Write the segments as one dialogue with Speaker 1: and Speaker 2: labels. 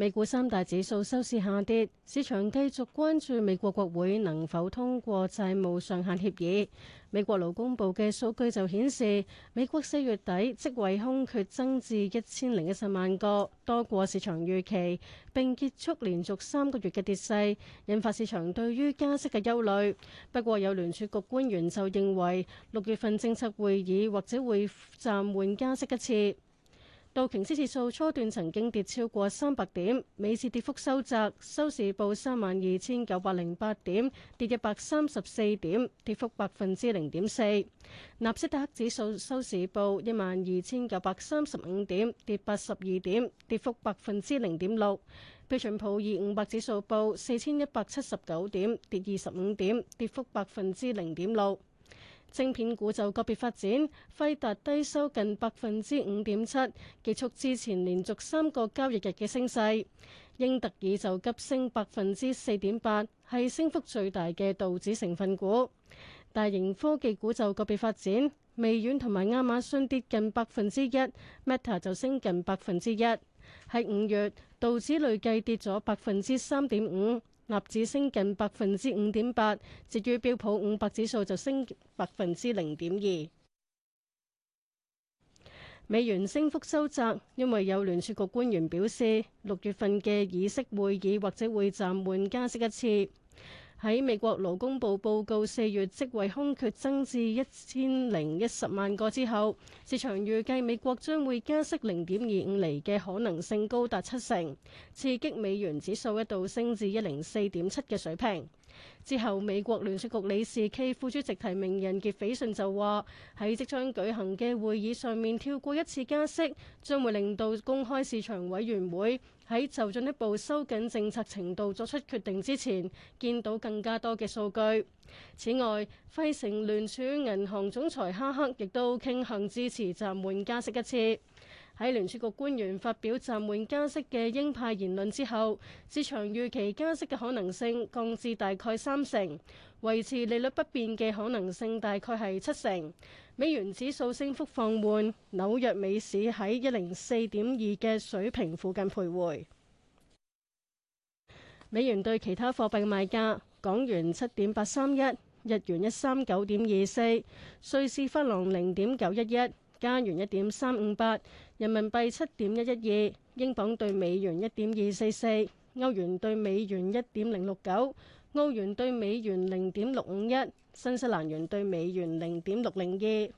Speaker 1: 美股三大指數收市下跌，市場繼續關注美國國會能否通過債務上限協議，美國勞工部嘅數據就顯示，美國四月底職位空缺增至一千零一十萬個，多過市場預期，並結束連續三個月嘅跌勢，引發市場對於加息嘅憂慮，不過有聯儲局官員就認為六月份政策會議或者會暫緩加息一次。道瓊斯指數初段曾經跌超過三百點，尾市跌幅收窄，收市報三萬二千九百零八點，跌一百三十四點，跌幅百分之零點四。納斯達克指數收市報一萬二千九百三十五點，跌八十二點，跌幅百分之零點六。標準普爾五百指數報四千一百七十九點，跌二十五點，跌幅百分之零點六。晶片股就個別發展，輝達低收近百分之五點七，結束之前連續三個交易日嘅升勢。英特爾就急升百分之四點八，係升幅最大嘅道指成分股。大型科技股就個別發展，微軟同埋亞馬遜跌近百分之一，Meta 就升近百分之一。喺五月，道指累計跌咗百分之三點五。納指升近百分之五點八，至於標普五百指數就升百分之零點二。美元升幅收窄，因為有聯儲局官員表示，六月份嘅議息會議或者會暫緩加息一次。喺美國勞工部報告四月職位空缺增至一千零一十萬個之後，市場預計美國將會加息零點二五厘嘅可能性高達七成，刺激美元指數一度升至一零四點七嘅水平。之後，美國聯儲局理事暨副主席提名人傑斐遜就話：喺即將舉行嘅會議上面跳過一次加息，將會令到公開市場委員會喺就進一步收緊政策程度作出決定之前，見到更加多嘅數據。此外，費城聯儲銀行總裁哈克亦都傾向支持暫緩加息一次。喺聯儲局官員發表暫緩加息嘅鷹派言論之後，市場預期加息嘅可能性降至大概三成，維持利率不變嘅可能性大概係七成。美元指數升幅放緩，紐約美市喺一零四點二嘅水平附近徘徊。美元對其他貨幣嘅賣價：港元七點八三一，日元一三九點二四，瑞士法郎零點九一一。加元一點三五八，人民幣七點一一二，英鎊對美元一點二四四，歐元對美元一點零六九，澳元對美元零點六五一，新西蘭元對美元零點六零二。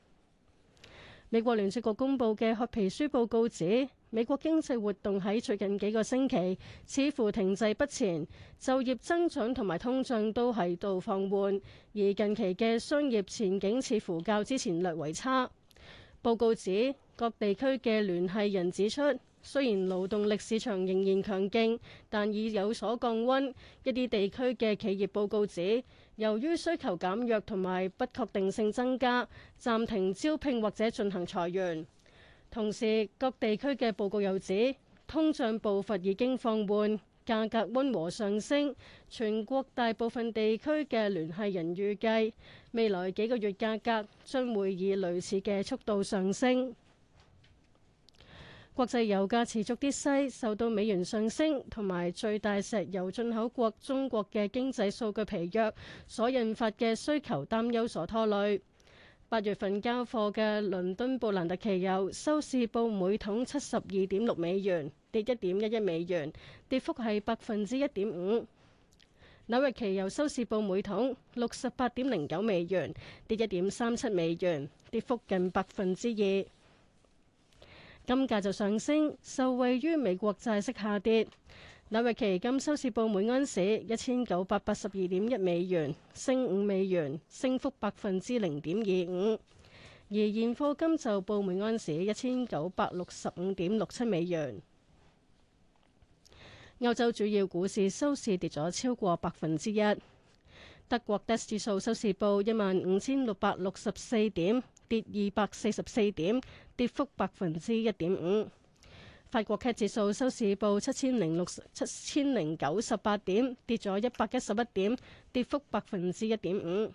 Speaker 1: 美國聯儲局公佈嘅褐皮書報告指，美國經濟活動喺最近幾個星期似乎停滯不前，就業增長同埋通脹都喺度放緩，而近期嘅商業前景似乎較之前略為差。報告指，各地區嘅聯繫人指出，雖然勞動力市場仍然強勁，但已有所降温。一啲地區嘅企業報告指，由於需求減弱同埋不確定性增加，暫停招聘或者進行裁員。同時，各地區嘅報告又指，通脹步伐已經放緩。價格溫和上升，全國大部分地區嘅聯繫人預計未來幾個月價格將會以類似嘅速度上升。國際油價持續跌勢，受到美元上升同埋最大石油進口國中國嘅經濟數據疲弱所引發嘅需求擔憂所拖累。八月份交貨嘅倫敦布蘭特期油收市報每桶七十二點六美元。跌一點一一美元，跌幅係百分之一點五。紐約期油收市報每桶六十八點零九美元，跌一點三七美元，跌幅近百分之二。金價就上升，受惠於美國債息下跌。紐約期金收市報每盎司一千九百八十二點一美元，升五美元，升幅百分之零點二五。而現貨金就報每盎司一千九百六十五點六七美元。歐洲主要股市收市跌咗超過百分之一。德國 DAX 指數收市報一萬五千六百六十四點，跌二百四十四點，跌幅百分之一點五。法國 CAC 指數收市報七千零六七千零九十八點，跌咗一百一十一點，跌幅百分之一點五。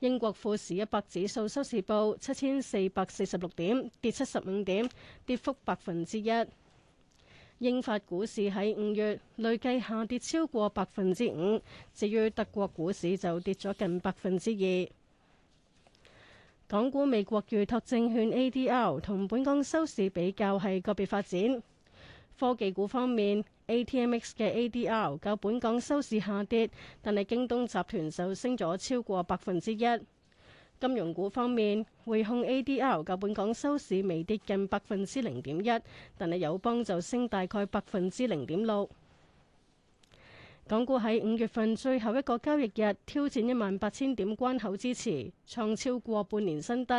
Speaker 1: 英國富時一百指數收市報七千四百四十六點，跌七十五點，跌幅百分之一。英法股市喺五月累計下跌超過百分之五，至於德國股市就跌咗近百分之二。港股美國預託證券 A D L 同本港收市比較係個別發展。科技股方面，A T M X 嘅 A D L 較本港收市下跌，但係京東集團就升咗超過百分之一。金融股方面，匯控 A D R 較本港收市微跌近百分之零點一，但係友邦就升大概百分之零點六。港股喺五月份最後一個交易日挑戰一萬八千點關口支持，創超過半年新低。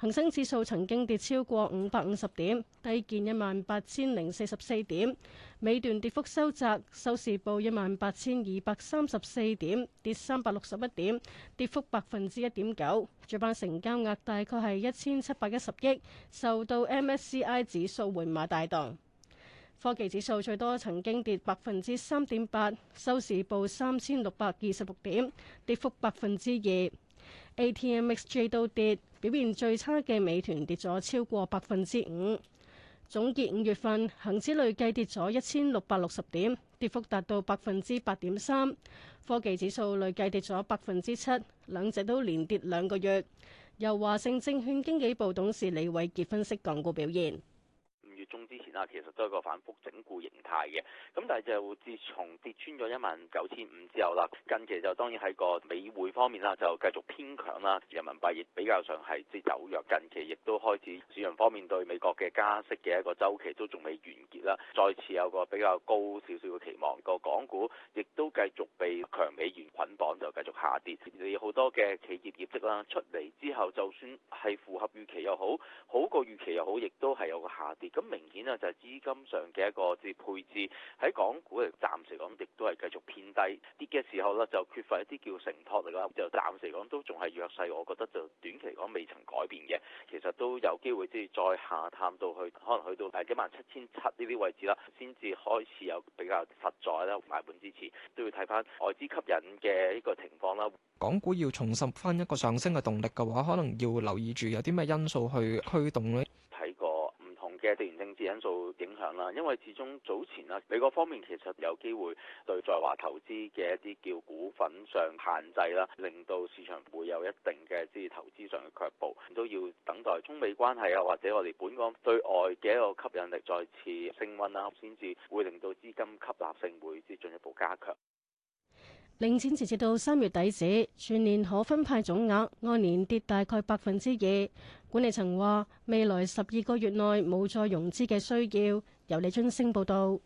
Speaker 1: 恆生指數曾經跌超過五百五十點，低見一萬八千零四十四點。尾段跌幅收窄，收市報一萬八千二百三十四點，跌三百六十一點，跌幅百分之一點九。主板成交額大概係一千七百一十億，受到 MSCI 指數換馬帶動。科技指數最多曾經跌百分之三點八，收市報三千六百二十六點，跌幅百分之二。ATMXJ 都跌，表現最差嘅美團跌咗超過百分之五。總結五月份恒指累計跌咗一千六百六十點，跌幅達到百分之八點三。科技指數累計跌咗百分之七，兩者都連跌兩個月。由華盛證券經紀部董事李偉傑分析港股表現。
Speaker 2: 中之前啦，其實都係個反复整固形態嘅。咁但係就自從跌穿咗一萬九千五之後啦，近期就當然喺個美匯方面啦，就繼續偏強啦。人民幣亦比較上係即走弱，近期亦都開始市場方面對美國嘅加息嘅一個週期都仲未完結啦，再次有個比較高少少嘅期望。個港股亦都繼續被強美元捆綁，就繼續下跌。你好多嘅企業業績啦出嚟之後，就算係符合預期又好，好過預期又好，亦都係有個下跌。咁明顯咧就係資金上嘅一個即係配置喺港股嚟，暫時講亦都係繼續偏低跌嘅時候咧，就缺乏一啲叫承托力啦，就暫時講都仲係弱勢，我覺得就短期嚟講未曾改變嘅，其實都有機會即係再下探到去，可能去到誒幾萬七千七呢啲位置啦，先至開始有比較實在咧買盤支持，都要睇翻外資吸引嘅呢個情況啦。
Speaker 3: 港股要重拾翻一個上升嘅動力嘅話，可能要留意住有啲咩因素去驅動呢。
Speaker 2: 受影響啦，因為始終早前啦，美國方面其實有機會對在華投資嘅一啲叫股份上限制啦，令到市場會有一定嘅即係投資上嘅卻步，都要等待中美關係啊，或者我哋本港對外嘅一個吸引力再次升温啦，先至會令到資金吸納性會即係進一步加強。
Speaker 1: 零錢截至到三月底止，全年可分派總額按年跌大概百分之二。管理層話，未來十二個月內冇再融資嘅需要。由李春升報道。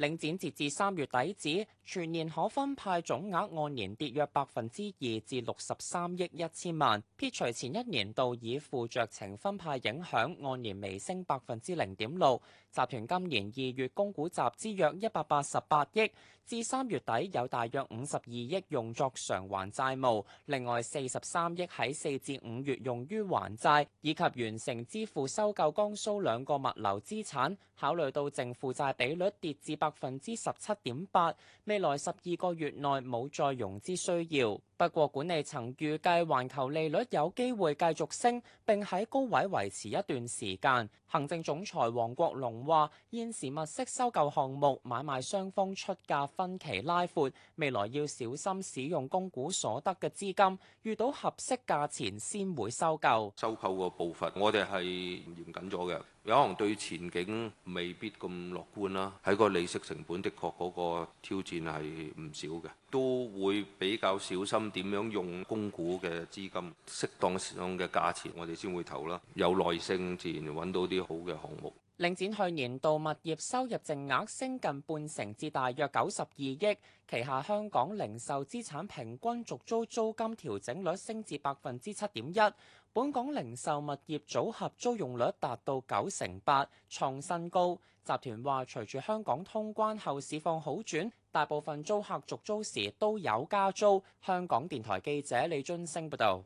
Speaker 3: 領展截至三月底止，全年可分派總額按年跌約百分之二至六十三億一千萬，撇除前一年度已付酌情分派影響，按年微升百分之零點六。集團今年二月供股集資約一百八十八億，至三月底有大約五十二億用作償還債務，另外四十三億喺四至五月用於還債以及完成支付收購江蘇兩個物流資產。考慮到淨負債比率跌至百百分之十七點八，未來十二個月內冇再融資需要。不過，管理層預計環球利率有機會繼續升，並喺高位維持一段時間。行政總裁黃國龍話：現時物色收購項目，買賣雙方出價分歧拉闊，未來要小心使用公股所得嘅資金，遇到合適價錢先會收購。收購個步伐我哋係嚴謹咗嘅，有可能對前景未必咁
Speaker 2: 樂觀啦。喺個利息成本的確嗰個挑戰係唔少嘅。都會比較小心點樣用公股嘅資金，適當時嘅價錢，我哋先會投啦。有耐性，自然搵到啲好嘅項目。
Speaker 3: 領展去年度物業收入淨額升近半成，至大約九十二億。旗下香港零售資產平均續租租金調整率升至百分之七點一。本港零售物業組合租用率達到九成八，創新高。集團話隨住香港通關後市況好轉。大部分租客續租時都有加租。香港電台記者李津升報道。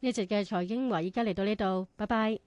Speaker 1: 一節嘅財經華，依家嚟到呢度，拜拜。